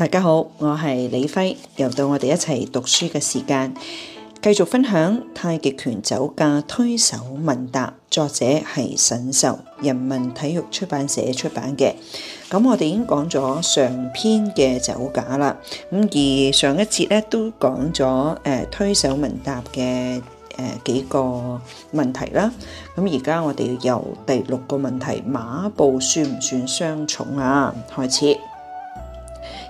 大家好，我係李輝，又到我哋一齊讀書嘅時間，繼續分享《太極拳走架推手問答》，作者係沈壽，人民體育出版社出版嘅。咁我哋已經講咗上篇嘅走架啦，咁而上一節咧都講咗誒推手問答嘅誒、呃、幾個問題啦。咁而家我哋由第六個問題馬步算唔算雙重啊？開始。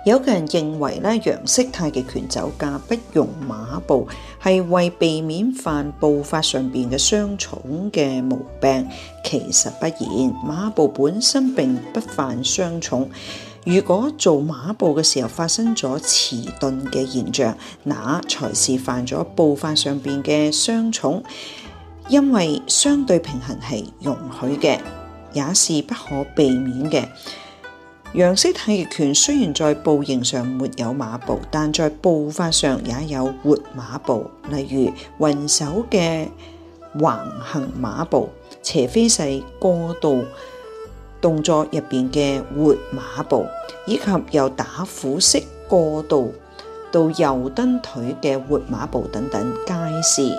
有嘅人認為咧，楊式太極拳走架不用馬步，係為避免犯步法上邊嘅雙重嘅毛病。其實不然，馬步本身並不犯雙重。如果做馬步嘅時候發生咗遲鈍嘅現象，那才是犯咗步法上邊嘅雙重。因為相對平衡係容許嘅，也是不可避免嘅。楊式太極拳雖然在步型上沒有馬步，但在步法上也有活馬步，例如雲手嘅橫行馬步、斜飛勢過渡動作入邊嘅活馬步，以及由打虎式過渡到右蹬腿嘅活馬步等等，皆是。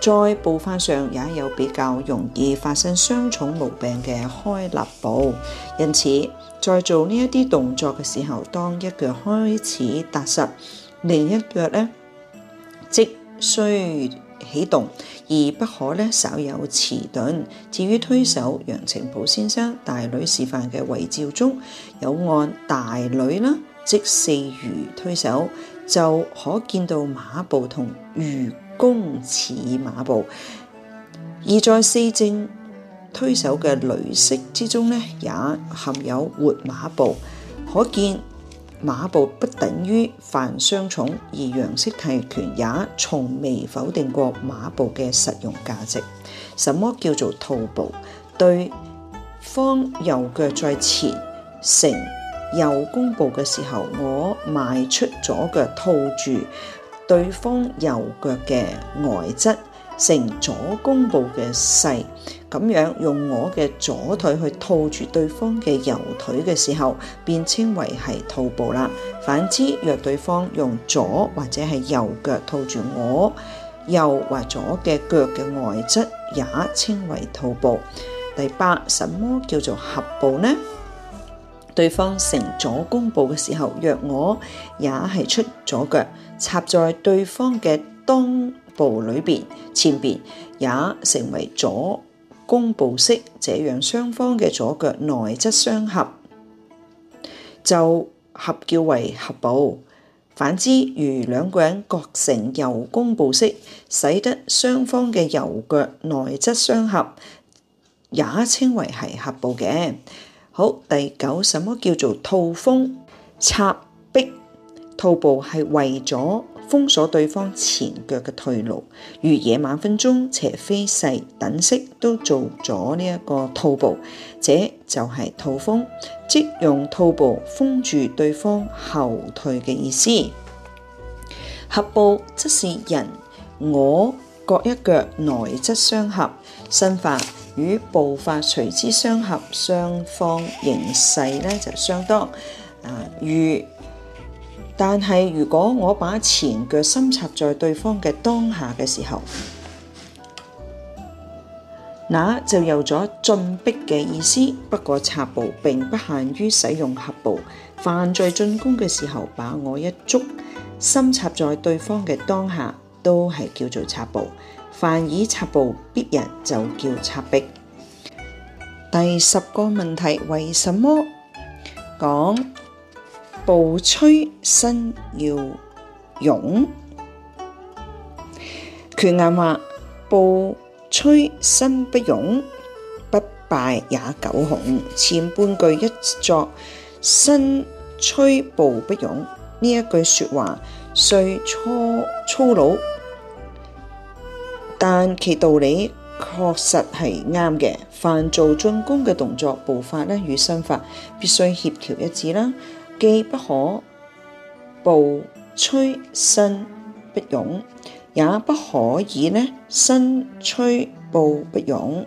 在步法上也有比較容易發生雙重毛病嘅開立步，因此。在做呢一啲動作嘅時候，當一腳開始踏實，另一腳呢，即須起動，而不可呢稍有遲鈍。至於推手，楊澄甫先生大捋示範嘅遺照中有按大捋啦，即四隅推手，就可見到馬步同魚弓似馬步，而在四正。推手嘅女式之中呢，也含有活馬步，可見，馬步不等於犯雙重，而楊式太極拳也從未否定過馬步嘅實用價值。什麼叫做套步？對方右腳在前，成右弓步嘅時候，我邁出左腳套住對方右腳嘅外側。成左弓步嘅勢，咁樣用我嘅左腿去套住對方嘅右腿嘅時候，便稱為係套步啦。反之，若對方用左或者係右腳套住我右或左嘅腳嘅外側，也稱為套步。第八，什麼叫做合步呢？對方成左弓步嘅時候，若我也係出左腳插在對方嘅當。部裏邊前邊也成為左弓步式，這樣雙方嘅左腳內側相合，就合叫為合步。反之，如兩個人各成右弓步式，使得雙方嘅右腳內側相合，也稱為係合步嘅。好，第九，什麼叫做套風插壁？套步係為咗。封鎖對方前腳嘅退路，如野馬分鬃、斜飛勢等勢都做咗呢一個套步，這就係套封，即用套步封住對方後退嘅意思。合步即是人我各一腳內側相合，身法與步法隨之相合，雙方形勢咧就相當啊如。呃但係，如果我把前腳深插在對方嘅襠下嘅時候，那就有咗進逼嘅意思。不過插步並不限於使用合步。凡在進攻嘅時候，把我一足，深插在對方嘅襠下，都係叫做插步。凡以插步，必然就叫插逼。第十個問題，為什麼講？步催身要勇，拳諺話，步催身不勇，不敗也狗熊。前半句一作身催步不勇，呢一句說話雖粗粗魯，但其道理確實係啱嘅。凡做進攻嘅動作，步法咧與身法必須協調一致啦。既不可步催身不勇，也不可以呢身催步不勇。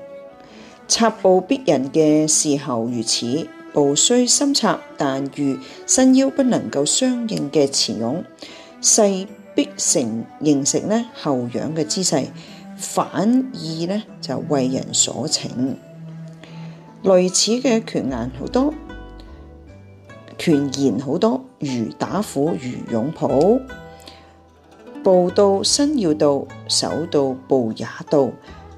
插步逼人嘅時候如此，步雖深插，但如身腰不能夠相應嘅前勇，勢必成形成呢後仰嘅姿勢，反而呢就為人所乘。類似嘅拳諺好多。拳言好多，如打虎如擁抱，步到身要到，手到步也到。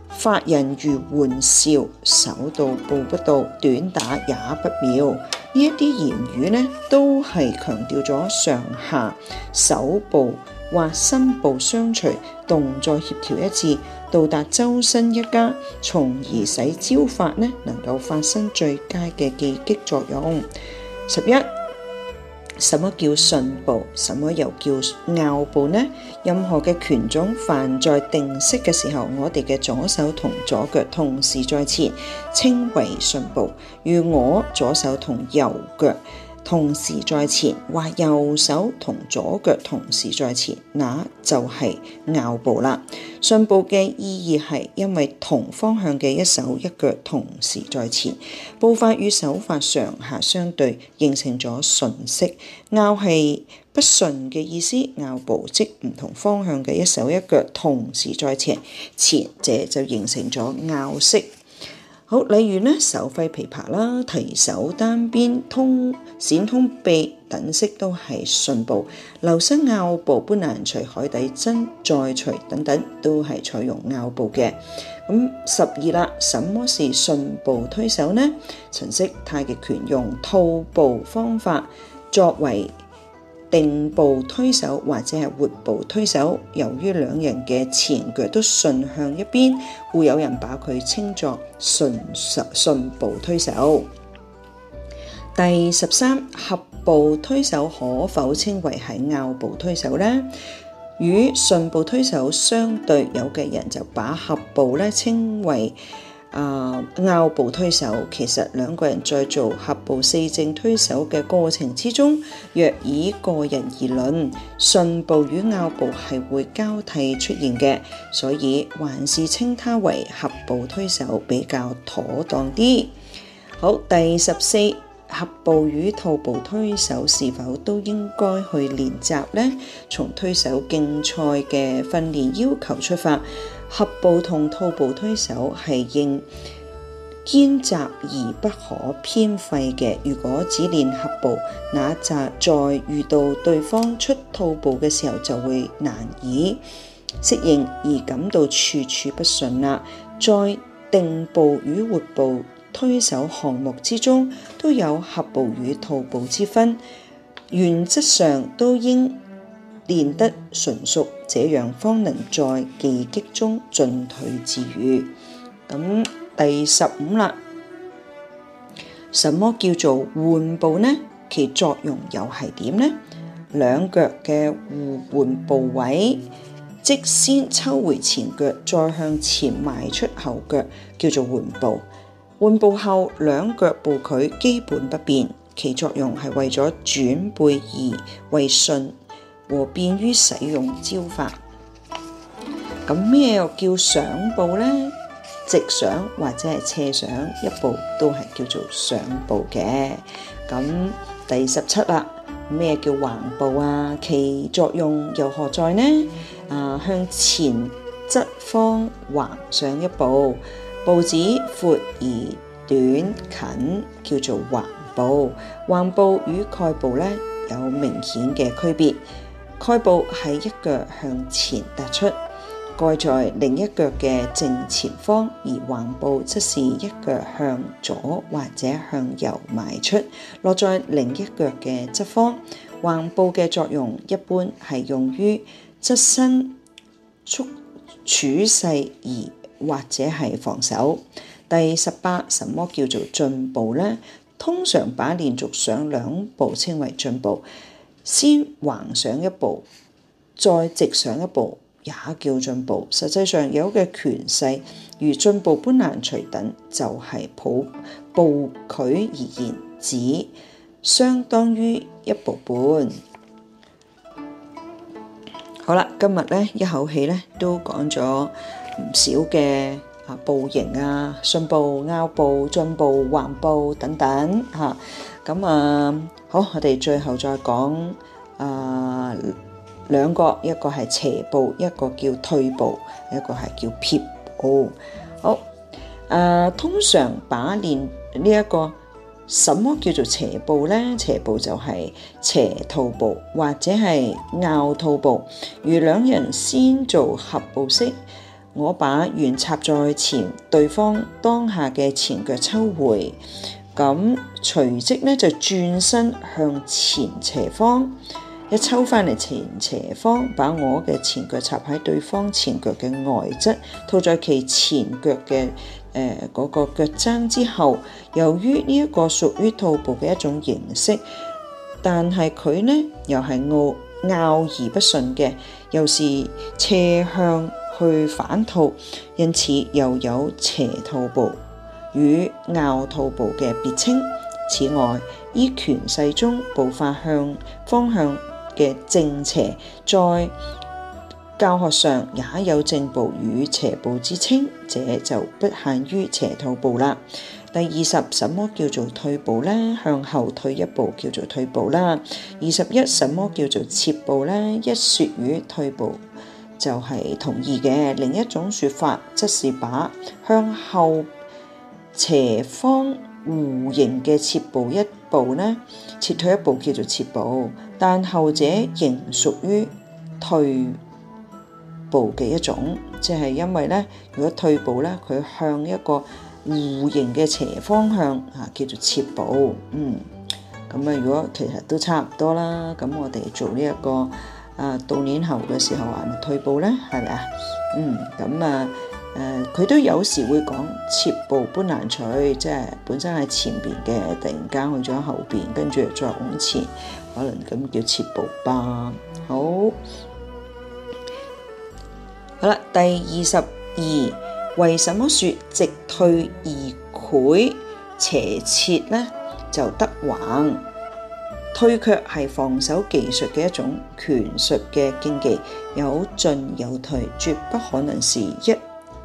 發人如玩笑，手到步不到，短打也不妙。呢一啲言語呢，都係強調咗上下手步或身步相隨，動作協調一致，到達周身一家，從而使招法呢能夠發生最佳嘅技擊作用。十一，什麼叫順步？什麼又叫拗步呢？任何嘅拳種，凡在定式嘅時候，我哋嘅左手同左腳同時在前，稱為順步。如我左手同右腳。同時在前，或右手同左腳同時在前，那就係拗步啦。順步嘅意義係因為同方向嘅一手一腳同時在前，步法與手法上下相對，形成咗順式。拗係不順嘅意思，拗步即唔同方向嘅一手一腳同時在前，前者就形成咗拗式。好，例如呢手揮琵琶啦，提手、單鞭、通閃通臂等式都係順步，摟膝拗步、搬攔捶、海底針、栽捶等等都係採用拗步嘅。咁十二啦，什麼是順步推手呢？陳式太極拳用套步方法作為定步推手或者係活步推手，由於兩人嘅前腳都順向一邊，會有人把佢稱作順順步推手。第十三，合步推手可否稱為係拗步推手呢？與順步推手相對，有嘅人就把合步咧稱為。啊！Uh, 拗步推手其實兩個人在做合步四正推手嘅過程之中，若以個人而論，順步與拗步係會交替出現嘅，所以還是稱它為合步推手比較妥當啲。好，第十四，合步與套步推手是否都應該去練習咧？從推手競賽嘅訓練要求出發。合步同套步推手係應兼習而不可偏廢嘅。如果只練合步，那就在遇到對方出套步嘅時候就會難以適應而感到處處不順啦。在定步與活步推手項目之中，都有合步與套步之分，原則上都應練得純熟，這樣方能在技擊中進退自如。咁第十五啦，什麼叫做緩步呢？其作用又係點呢？兩腳嘅互換步位，即先抽回前腳，再向前邁出後腳，叫做緩步。緩步後，兩腳步距基本不變，其作用係為咗轉背而為順。和便於使用招法。咁咩又叫上步呢？直上或者係斜上一步都係叫做上步嘅。咁第十七啦，咩叫橫步啊？其作用又何在呢？啊，向前側方橫上一步，步子闊而短近，叫做橫步。橫步與蓋步咧有明顯嘅區別。蓋步係一腳向前踏出，蓋在另一腳嘅正前方；而橫步則是一腳向左或者向右邁出，落在另一腳嘅側方。橫步嘅作用一般係用於側身、促處勢而或者係防守。第十八，什麼叫做進步呢？通常把連續上兩步稱為進步。先橫上一步，再直上一步，也叫進步。實際上有嘅拳勢如進步搬攔捶等，就係、是、普步佢而言，只相當於一步半。好啦，今日咧一口氣咧都講咗唔少嘅啊步型啊，順步、拗步、進步、橫步等等嚇。咁啊、嗯，好，我哋最後再講啊，兩、呃、個，一個係斜步，一個叫退步，一個係叫撇步。好，啊、呃，通常把練呢一個，什麼叫做斜步呢？斜步就係斜套步或者係拗套步。如兩人先做合步式，我把原插在前，對方當下嘅前腳抽回。咁隨即咧就轉身向前斜方，一抽翻嚟前斜方，把我嘅前腳插喺對方前腳嘅外側，套在其前腳嘅誒嗰個腳踭之後。由於呢一個屬於套步嘅一種形式，但係佢呢又係拗拗而不順嘅，又是斜向去反套，因此又有斜套步。與拗套步嘅別稱。此外，依拳勢中步法向方向嘅正斜，在教學上也有正步與斜步之稱，這就不限於斜套步啦。第二十，什麼叫做退步呢？向後退一步叫做退步啦。二十一，什麼叫做撤步呢？一說與退步就係同意嘅。另一種說法，即是把向後。斜方弧形嘅切步一步呢，撤退一步叫做切步，但後者仍屬於退步嘅一種，即係因為呢，如果退步呢，佢向一個弧形嘅斜方向啊，叫做切步，嗯，咁啊，如果其實都差唔多啦，咁我哋做呢、這、一個啊，倒攆猴嘅時候啊，係咪退步呢，係咪啊？嗯，咁啊。佢、呃、都有時會講切步搬難取，即係本身喺前邊嘅，突然間去咗後邊，跟住再往前，可能咁叫切步吧。好，好啦，第二十二，為什麼說直退而攰斜切呢？就得橫退卻係防守技術嘅一種拳術嘅競技，有進有退，絕不可能是一。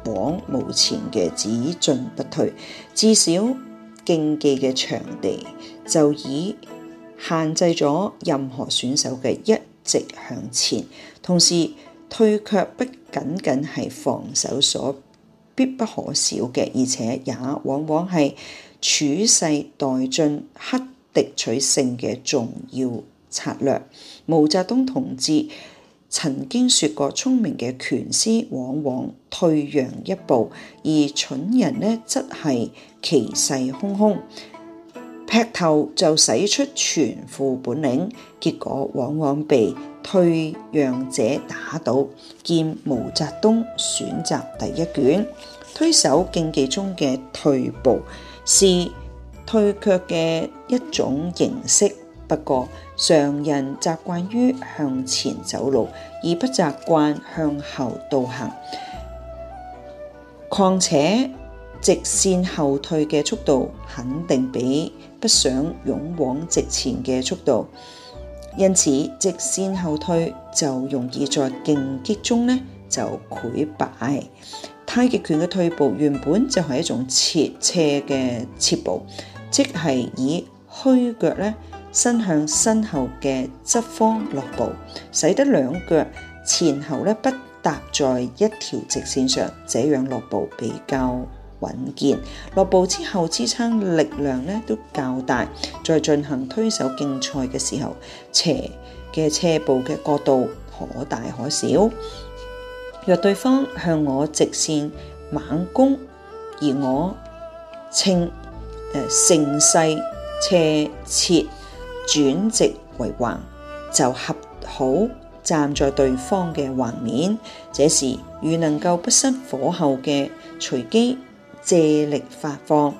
往無前嘅只進不退，至少競技嘅場地就已限制咗任何選手嘅一直向前。同時，退卻不僅僅係防守所必不可少嘅，而且也往往係處世待進、克敵取勝嘅重要策略。毛澤東同志。曾經説過，聰明嘅拳師往往退讓一步，而蠢人呢則係氣勢洶洶，劈頭就使出全副本領，結果往往被退讓者打倒。見毛澤東選擇第一卷，推手競技中嘅退步是退卻嘅一種形式。不過，常人習慣於向前走路，而不習慣向後倒行。況且，直線後退嘅速度肯定比不想勇往直前嘅速度。因此，直線後退就容易在競擊中呢就潰敗。太極拳嘅退步原本就係一種切斜嘅撤步，即係以虛腳呢。伸向身後嘅側方落步，使得兩腳前後咧不搭在一條直線上，這樣落步比較穩健。落步之後，支撐力量咧都較大。在進行推手競賽嘅時候，斜嘅斜步嘅角度可大可小。若對方向我直線猛攻，而我稱盛乘勢斜切。轉直為橫就恰好，站在對方嘅橫面。這時如能夠不失火候嘅隨機借力發放，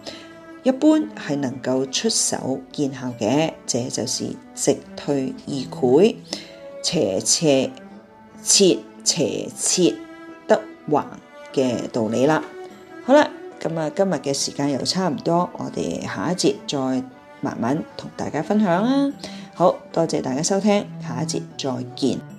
一般係能夠出手見效嘅。這就是直退而潰，斜斜切斜切得橫嘅道理啦。好啦，咁啊，今日嘅時間又差唔多，我哋下一節再。慢慢同大家分享啊！好多謝大家收聽，下一節再見。